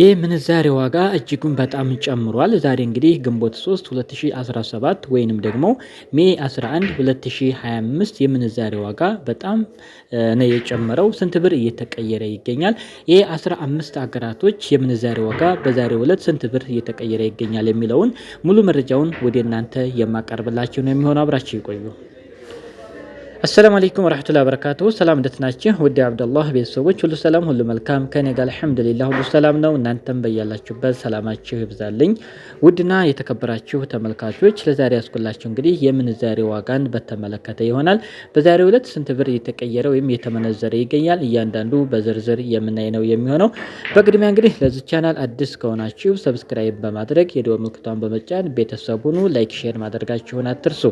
የምንዛሬ ዋጋ እጅጉን በጣም ጨምሯል። ዛሬ እንግዲህ ግንቦት 3 2017 ወይንም ደግሞ ሜ 11 2025 የምንዛሬ ዋጋ በጣም ነው የጨመረው። ስንት ብር እየተቀየረ ይገኛል? የ15 ሀገራቶች የምንዛሬ ዋጋ በዛሬው ዕለት ስንት ብር እየተቀየረ ይገኛል የሚለውን ሙሉ መረጃውን ወደ እናንተ የማቀርብላችሁ ነው የሚሆነው። አብራችሁ ይቆዩ። አሰላሙ አለይኩም ወራህመቱላሂ ወበረካቱ። ሰላም እንደትናችሁ ውድ አብደላህ ቤተሰቦች ሁሉ ሰላም ሁሉ መልካም ከኔ ጋር አልሐምዱሊላህ ሁሉ ሰላም ነው። እናንተም በያላችሁበት ሰላማችሁ ይብዛልኝ። ውድና የተከበራችሁ ተመልካቾች ለዛሬ ያስኩላችሁ እንግዲህ የምንዛሬ ዋጋን በተመለከተ ይሆናል። በዛሬው ዕለት ስንት ብር እየተቀየረ ወይም እየተመነዘረ ይገኛል እያንዳንዱ በዝርዝር የምናይ ነው የሚሆነው። በቅድሚያ እንግዲህ ለዚህ ቻናል አዲስ ከሆናችሁ ሰብስክራይብ በማድረግ የደወል ምልክቷን በመጫን ቤተሰብ ላይክ ሼር ማድረጋችሁን አትርሱ።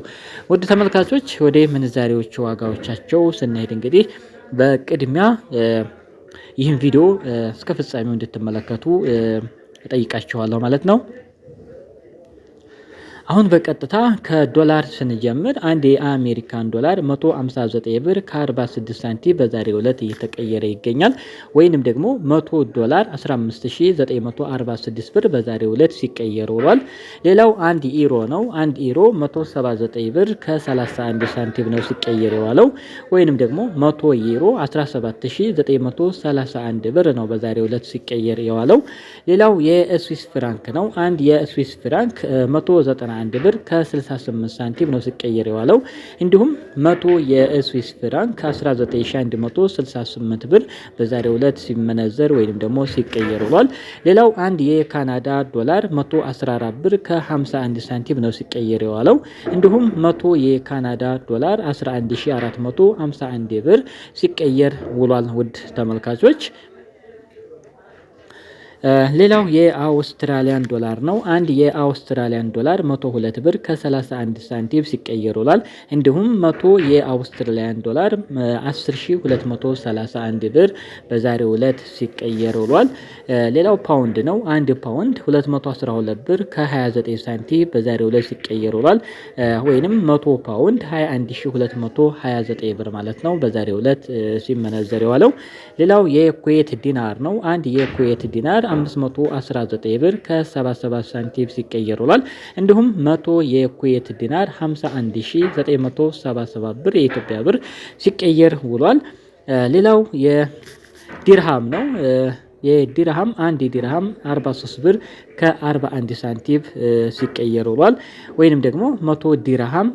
ውድ ተመልካቾች ወደ ምንዛሬዎች ናቸው ዋጋዎቻቸው ስናሄድ እንግዲህ በቅድሚያ ይህን ቪዲዮ እስከ ፍጻሜው እንድትመለከቱ እጠይቃችኋለሁ ማለት ነው። አሁን በቀጥታ ከዶላር ስንጀምር አንድ የአሜሪካን ዶላር 159 ብር ከ46 ሳንቲም በዛሬው ዕለት እየተቀየረ ይገኛል። ወይንም ደግሞ 100 ዶላር 15946 ብር በዛሬው ዕለት ሲቀየር ውሏል። ሌላው አንድ ኢሮ ነው። አንድ ኢሮ 179 ብር ከ31 ሳንቲም ነው ሲቀየር የዋለው። ወይንም ደግሞ 100 ኢሮ 17931 ብር ነው በዛሬው ዕለት ሲቀየር የዋለው። ሌላው የስዊስ ፍራንክ ነው። አንድ የስዊስ ፍራንክ 190 21 ብር ከ68 ሳንቲም ነው ሲቀየር የዋለው። እንዲሁም 100 የስዊስ ፍራንክ ከ19168 ብር በዛሬው ዕለት ሲመነዘር ወይም ደግሞ ሲቀየር ውሏል። ሌላው አንድ የካናዳ ዶላር 114 ብር ከ51 ሳንቲም ነው ሲቀየር የዋለው። እንዲሁም 100 የካናዳ ዶላር 11451 ብር ሲቀየር ውሏል። ውድ ተመልካቾች ሌላው የአውስትራሊያን ዶላር ነው። አንድ የአውስትራሊያን ዶላር 102 ብር ከ31 ሳንቲም ሲቀየር ውሏል። እንዲሁም 100 የአውስትራሊያን ዶላር 10231 ብር በዛሬው ዕለት ሲቀየር ውሏል። ሌላው ፓውንድ ነው። አንድ ፓውንድ 212 ብር ከ29 ሳንቲም በዛሬው ዕለት ሲቀየር ውሏል። ወይንም 100 ፓውንድ 21229 ብር ማለት ነው በዛሬው ዕለት ሲመነዘር የዋለው። ሌላው የኩዌት ዲናር ነው። አንድ የኩዌት ዲናር 519 ብር ከ77 ሳንቲም ሲቀየር ውሏል። እንዲሁም 100 የኩዌት ዲናር 51977 ብር የኢትዮጵያ ብር ሲቀየር ውሏል። ሌላው የዲርሃም ነው። የድርሃም አንድ የዲርሃም 43 ብር ከ41 ሳንቲም ሲቀየር ውሏል። ወይንም ደግሞ 100 ዲርሃም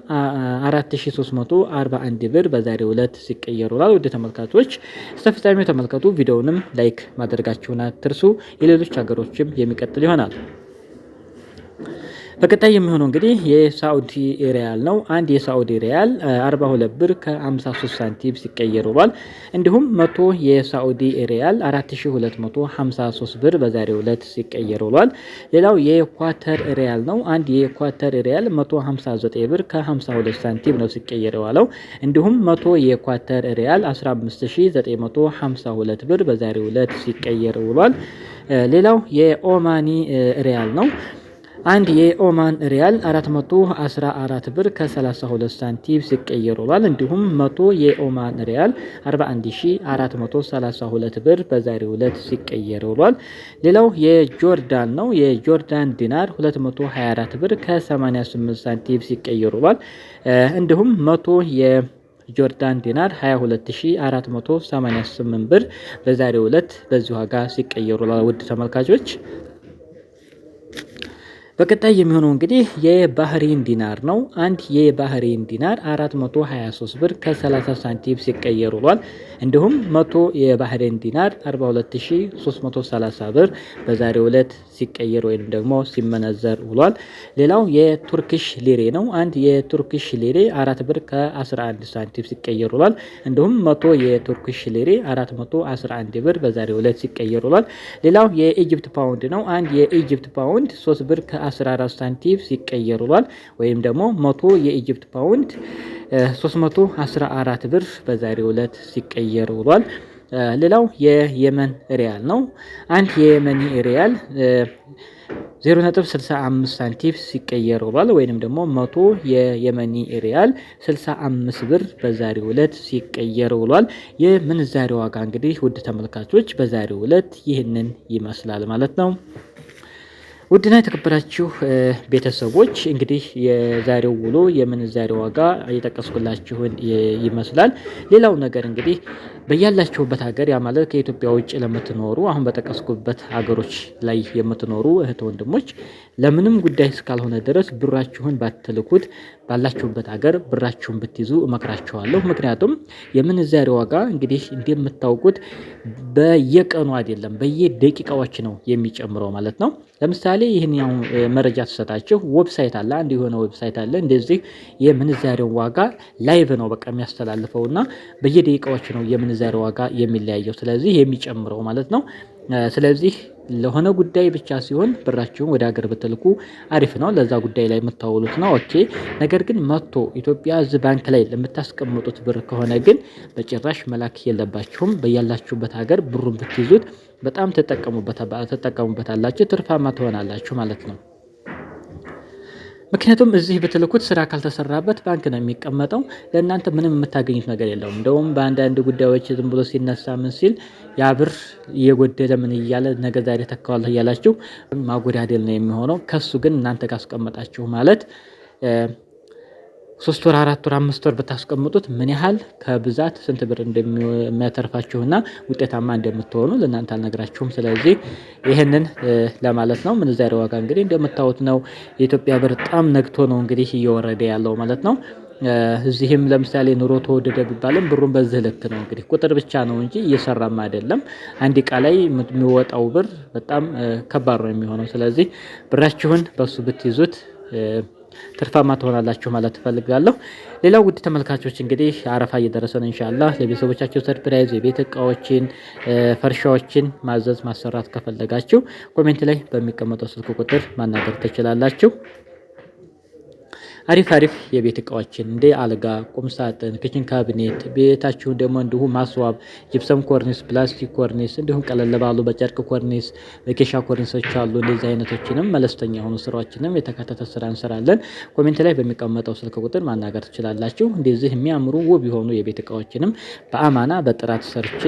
4341 ብር በዛሬው ዕለት ሲቀየር ውሏል። ወደ ተመልካቾች እስከ ፍጻሜው ተመልከቱ። ቪዲዮውንም ላይክ ማድረጋችሁን አትርሱ። የሌሎች ሀገሮችም የሚቀጥል ይሆናል። በቀጣይ የሚሆነው እንግዲህ የሳዑዲ ሪያል ነው። አንድ የሳዑዲ ሪያል 42 ብር ከ53 ሳንቲም ሲቀየር ውሏል። እንዲሁም መቶ የሳዑዲ ሪያል 4253 ብር በዛሬው ዕለት ሲቀየር ውሏል። ሌላው የኳተር ሪያል ነው። አንድ የኳተር ሪያል 159 ብር ከ52 ሳንቲም ነው ሲቀየር የዋለው። እንዲሁም መቶ የኳተር ሪያል 15952 ብር በዛሬው ዕለት ሲቀየር ውሏል። ሌላው የኦማኒ ሪያል ነው። አንድ የኦማን ሪያል 414 ብር ከ32 ሳንቲም ሲቀየር ውሏል። እንዲሁም 100 የኦማን ሪያል 41432 ብር በዛሬው ዕለት ሲቀየር ውሏል። ሌላው የጆርዳን ነው። የጆርዳን ዲናር 224 ብር ከ88 ሳንቲም ሲቀየር ውሏል። እንዲሁም 100 የ ጆርዳን ዲናር 22488 ብር በዛሬው ዕለት በዚህ ዋጋ ሲቀየሩ ውድ ተመልካቾች በቀጣይ የሚሆነው እንግዲህ የባህሬን ዲናር ነው። አንድ የባህሬን ዲናር 423 ብር ከ30 ሳንቲም ሲቀየር ውሏል። እንዲሁም 100 የባህሬን ዲናር 42330 ብር በዛሬው ዕለት ሲቀየር ወይም ደግሞ ሲመነዘር ውሏል። ሌላው የቱርክሽ ሊሬ ነው። አንድ የቱርክሽ ሊሬ 4 ብር ከ11 ሳንቲም ሲቀየር ውሏል። እንዲሁም 100 የቱርክሽ ሊሬ 411 ብር በዛሬው ዕለት ሲቀየር ውሏል። ሌላው የኢጅፕት ፓውንድ ነው። አንድ የኢጅፕት ፓውንድ 3 ብር ከ 14 ሳንቲም ሲቀየር ውሏል። ወይም ደግሞ 100 የኢጅፕት ፓውንድ 314 ብር በዛሬው ዕለት ሲቀየር ውሏል። ሌላው የየመን ሪያል ነው። አንድ የየመን ሪያል 0.65 ሳንቲም ሲቀየር ውሏል። ወይንም ደግሞ 100 የየመኒ ሪያል 65 ብር በዛሬው ዕለት ሲቀየር ውሏል። የምንዛሬ ዋጋ እንግዲህ ውድ ተመልካቾች በዛሬው ዕለት ይህንን ይመስላል ማለት ነው። ውድና የተከበራችሁ ቤተሰቦች እንግዲህ የዛሬው ውሎ የምንዛሬ ዋጋ እየጠቀስኩላችሁን ይመስላል። ሌላው ነገር እንግዲህ በያላችሁበት ሀገር ያ ማለት ከኢትዮጵያ ውጭ ለምትኖሩ አሁን በጠቀስኩበት ሀገሮች ላይ የምትኖሩ እህት ወንድሞች፣ ለምንም ጉዳይ እስካልሆነ ድረስ ብራችሁን ባትልኩት ባላችሁበት ሀገር ብራችሁን ብትይዙ እመክራችኋለሁ። ምክንያቱም የምንዛሬ ዋጋ እንግዲህ እንደምታውቁት በየቀኑ አይደለም በየደቂቃዎች ነው የሚጨምረው ማለት ነው። ለምሳሌ ይህን ያው መረጃ ትሰጣችሁ ዌብሳይት አለ፣ አንድ የሆነ ዌብሳይት አለ። እንደዚህ የምንዛሬው ዋጋ ላይቭ ነው በቃ የሚያስተላልፈው እና በየደቂቃዎች ነው የምንዛሬ ዋጋ የሚለያየው፣ ስለዚህ የሚጨምረው ማለት ነው። ስለዚህ ለሆነ ጉዳይ ብቻ ሲሆን ብራችሁን ወደ ሀገር ብትልኩ አሪፍ ነው፣ ለዛ ጉዳይ ላይ የምታውሉት ነው። ኦኬ። ነገር ግን መጥቶ ኢትዮጵያ እዚህ ባንክ ላይ ለምታስቀምጡት ብር ከሆነ ግን በጭራሽ መላክ የለባችሁም። በያላችሁበት ሀገር ብሩን ብትይዙት በጣም ትጠቀሙበታላችሁ፣ ትርፋማ ትሆናላችሁ ማለት ነው። ምክንያቱም እዚህ ብትልኩት ስራ ካልተሰራበት ባንክ ነው የሚቀመጠው። ለእናንተ ምንም የምታገኙት ነገር የለውም። እንደውም በአንዳንድ ጉዳዮች ዝም ብሎ ሲነሳ ምን ሲል ያ ብር እየጎደለ ምን እያለ ነገ ዛሬ ተካዋለሁ እያላችሁ ማጎዳደል ነው የሚሆነው። ከሱ ግን እናንተ ካስቀመጣችሁ ማለት ሶስት ወር አራት ወር አምስት ወር ብታስቀምጡት ምን ያህል ከብዛት ስንት ብር እንደሚያተርፋችሁና ውጤታማ እንደምትሆኑ ለእናንተ አልነግራችሁም። ስለዚህ ይህንን ለማለት ነው። ምንዛሬ ዋጋ እንግዲህ እንደምታዩት ነው። የኢትዮጵያ ብር በጣም ነግቶ ነው እንግዲህ እየወረደ ያለው ማለት ነው። እዚህም ለምሳሌ ኑሮ ተወደደ ቢባልም ብሩን በዚህ ልክ ነው እንግዲህ ቁጥር ብቻ ነው እንጂ እየሰራም አይደለም። አንድ እቃ ላይ የሚወጣው ብር በጣም ከባድ ነው የሚሆነው። ስለዚህ ብራችሁን በሱ ብትይዙት ትርፋማ ትሆናላችሁ ማለት ትፈልጋለሁ። ሌላው ውድ ተመልካቾች እንግዲህ አረፋ እየደረሰ ነው። ኢንሻላ ለቤተሰቦቻቸው ሰርፕራይዝ የቤት እቃዎችን፣ ፈርሻዎችን ማዘዝ ማሰራት ከፈለጋችሁ ኮሜንት ላይ በሚቀመጠው ስልክ ቁጥር ማናገር ትችላላችሁ። አሪፍ አሪፍ የቤት እቃዎችን እንደ አልጋ፣ ቁም ሳጥን፣ ክችን ካቢኔት ቤታችሁን ደግሞ እንዲሁ ማስዋብ ጅብሰም ኮርኒስ፣ ፕላስቲክ ኮርኒስ እንዲሁም ቀለል ባሉ በጨርቅ ኮርኒስ፣ በኬሻ ኮርኒሶች አሉ። እንደዚህ አይነቶችንም መለስተኛ የሆኑ ስራዎችንም የተካተተ ስራ እንሰራለን። ኮሜንት ላይ በሚቀመጠው ስልክ ቁጥር ማናገር ትችላላችሁ። እንደዚህ የሚያምሩ ውብ የሆኑ የቤት እቃዎችንም በአማና በጥራት ሰርቼ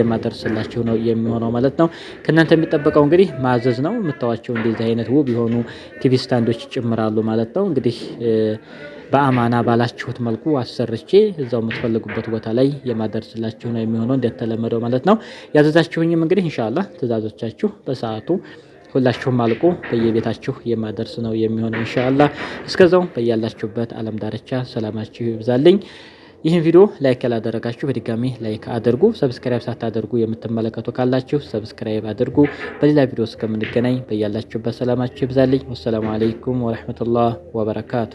የማደርስላችሁ ነው የሚሆነው ማለት ነው። ከእናንተ የሚጠበቀው እንግዲህ ማዘዝ ነው። የምታዋቸው እንደዚህ አይነት ውብ የሆኑ ቲቪ ስታንዶች ይጨምራሉ ማለት ነው እንግዲህ በአማና ባላችሁት መልኩ አሰርቼ እዛው የምትፈልጉበት ቦታ ላይ የማደርስላችሁ ነው የሚሆነው እንደተለመደው ማለት ነው። ያዘዛችሁኝም እንግዲህ እንሻላ ትእዛዞቻችሁ በሰዓቱ ሁላችሁም አልቆ በየቤታችሁ የማደርስ ነው የሚሆነው። እንሻላ እስከዛው በያላችሁበት ዓለም ዳርቻ ሰላማችሁ ይብዛልኝ። ይህን ቪዲዮ ላይክ ያላደረጋችሁ በድጋሚ ላይክ አድርጉ። ሰብስክራይብ ሳታደርጉ የምትመለከቱ ካላችሁ ሰብስክራይብ አድርጉ። በሌላ ቪዲዮ እስከምንገናኝ በያላችሁበት ሰላማችሁ ይብዛልኝ። ወሰላሙ አለይኩም ወረህመቱላህ ወበረካቱ